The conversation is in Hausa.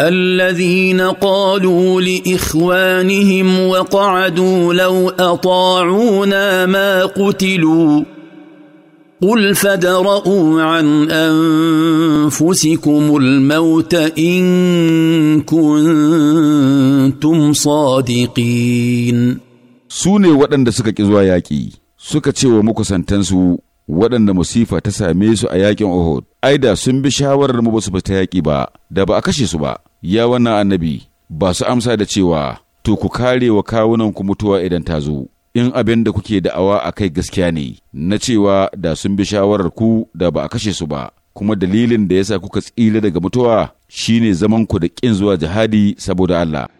الذين قالوا لاخوانهم وقعدوا لو اطاعونا ما قتلوا قل فادرءوا عن انفسكم الموت ان كنتم sadiƙin. su ne waɗanda suka ƙi zuwa yaƙi suka ce wa makusantansu waɗanda musifa ta same su a yaƙin Ohod, ai da sun bi shawarar mu ba su fita yaƙi ba, da ba a kashe su ba. ya wannan annabi ba su amsa da cewa to ku kare wa kawunanku mutuwa idan ta zo in abin da kuke da'awa a kai gaskiya ne na cewa da sun bi shawarar ku da ba a kashe su ba kuma dalilin da yasa kuka tsira daga mutuwa shine zaman ku da ƙin zuwa jihadi saboda Allah